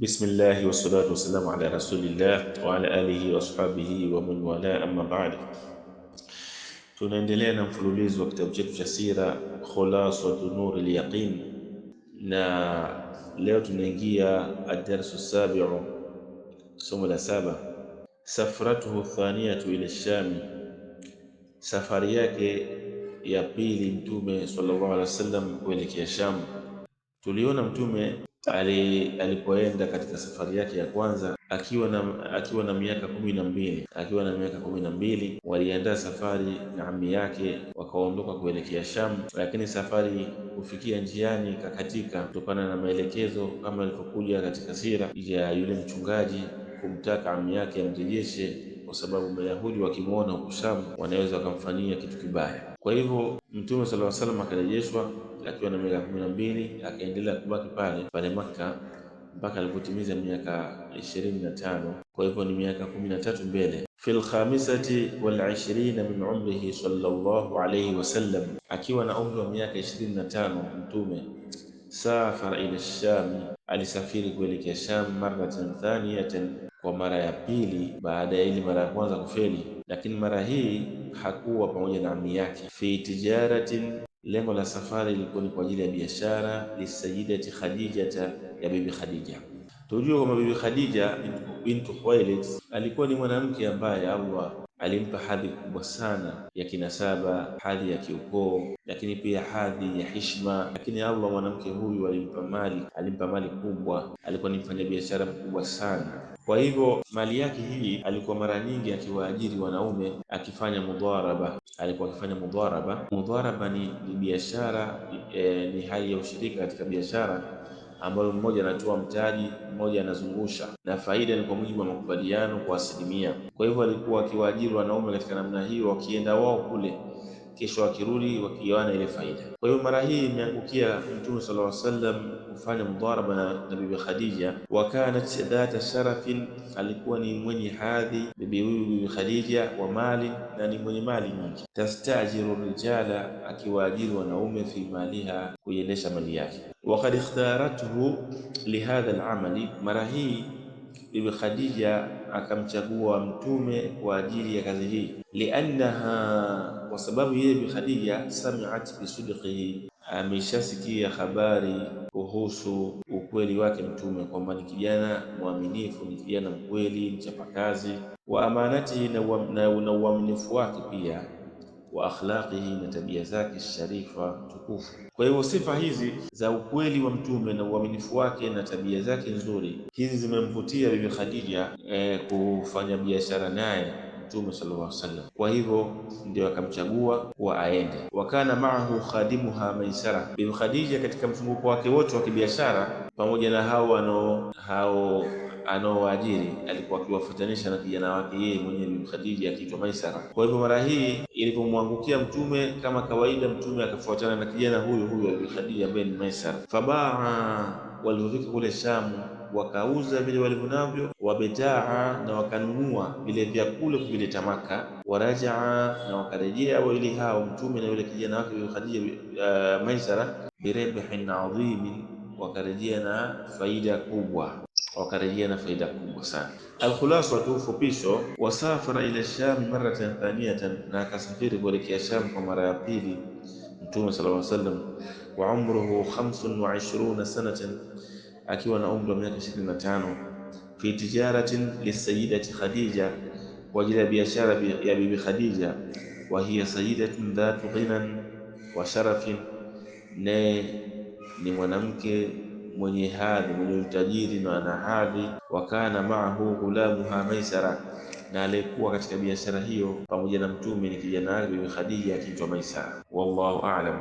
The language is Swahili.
Bismillahi wassalatu wassalamu ala rasulillah wa ala alihi wa wa man wala, amma baad. Tunaendelea na mfululizo wa kitabu chetu cha sira Khulasatu Nuril Yaqin, na leo tunaingia ad-darsu sabiu, somo la saba, safratuhu thaniyatu ila Sham, safari yake ya pili Mtume sallallahu alaihi wasallam kuelekea Sham. Tuliona Mtume alipoenda katika safari yake ya kwanza akiwa na akiwa na miaka kumi na mbili akiwa na miaka kumi na mbili waliandaa safari na ami yake wakaondoka kuelekea Shamu, lakini safari kufikia njiani kakatika kutokana na maelekezo kama ilivyokuja katika sira ya yule mchungaji kumtaka ami yake amrejeshe kwa sababu Mayahudi wakimwona Husamu wanaweza wakamfanyia kitu kibaya. Kwa hivyo Mtume sallallahu alaihi wasallam akarejeshwa akiwa na miaka kumi na mbili, akaendelea kubaki pale pale Makka mpaka alipotimiza miaka ishirini na tano. Kwa hivyo ni miaka kumi na tatu mbele. fi lkhamisati wal min umrihi sallallahu alayhi wasallam, akiwa na umri wa miaka ishirini na tano Mtume safara ila Sham, alisafiri kuelekea Sham maratan thaniyatan kwa mara ya pili baada ya ile mara ya kwanza kufeli, lakini mara hii hakuwa pamoja na ami yake. fi tijaratin, lengo la safari lilikuwa ni kwa ajili ya biashara. lisayidati Khadijata, ya bibi Khadija. Tujue kwamba bibi Khadija bintu Khuwailid alikuwa ni mwanamke ambaye Allah alimpa hadhi kubwa sana ya kinasaba, hadhi ya kiukoo, lakini pia hadhi ya hishma. Lakini Allah, mwanamke huyu alimpa mali, alimpa mali kubwa, alikuwa ni mfanyabiashara mkubwa sana. Kwa hivyo mali yake hii alikuwa mara nyingi akiwaajiri wanaume, akifanya mudharaba, alikuwa akifanya mudharaba. Mudharaba ni biashara, e, ni hali ya ushirika katika biashara ambayo mmoja anatoa mtaji, mmoja anazungusha, na faida ni kwa mujibu wa makubaliano kwa asilimia. Kwa hivyo alikuwa akiwaajiri wanaume katika namna hiyo, wakienda wao kule kisha wakirudi wakigawana ile faida. Kwa hiyo mara hii imeangukia Mtume sallallahu alaihi wasallam kufanya mudharaba na bibi Khadija. wa kanat dhata sharafin, alikuwa ni mwenye hadhi bibi huyu bibi Khadija, wa mali, na ni mwenye mali nyingi. tastajiru rijala, akiwaajiri wanaume fi maliha, kuiendesha mali yake. wakad qad ikhtarathu lihadha alamali, mara hii Bibi Khadija akamchagua Mtume kwa ajili ya kazi hii, liannaha, kwa sababu yeye Bibi Khadija samiat bisidqihi ameshasikia habari kuhusu ukweli wake Mtume kwamba ni kijana mwaminifu, ni kijana mkweli, mchapakazi, wa amanatihi, na uaminifu wake pia wa akhlaqihi, na tabia zake sharifa tukufu. Kwa hivyo sifa hizi za ukweli wa mtume na uaminifu wake na tabia zake nzuri hizi zimemvutia Bibi Khadija eh, kufanya biashara naye Mtume sallallahu alaihi wasallam. Kwa hivyo ndio akamchagua kuwa aende. Wakana maahu khadimuha Maisara. Bibi Khadija katika mzunguko wake wote wa kibiashara pamoja na hao ano hao anaowaajiri alikuwa akiwafatanisha na kijana wake yeye mwenye ni Khadija akiitwa Maisara. Kwa hivyo mara hii ilipomwangukia Mtume kama kawaida, Mtume akafuatana na kijana huyo huyo Bibi Khadija ambaye ni Maisara. Fabaa, walivyofika kule Shamu wakauza vile navyo wabetaa, na wakanunua vile vyakule kuvileta Maka. Warajaa, na wakarejea wawili hao Mtume na yule kijana wake Bibi Khadija, uh, eh, Maisara, birebhin adhimi wakarejea na faida kubwa, wakarejea na faida kubwa sana. Alkhulasa tu ufupisho, wasafara ila shami maratan thaniyatan, na akasafiri kuelekea Sham kwa mara ya pili Mtume sallallahu alaihi wasallam, wa umruhu 25 sanatan, akiwa na umri wa miaka 25, fi tijaratin lisayidati Khadija, kwa ajili ya biashara ya bibi Khadija, wa hiya sayidatun dhatu ghinan wa sharafin, ne ni mwanamke mwenye hadhi, mwenye utajiri na ana hadhi. Wakana maahu ghulamuha Maisara, na aliyekuwa katika biashara hiyo pamoja na Mtume ni kijana wake Khadija akiitwa Maisara. Wallahu aalam.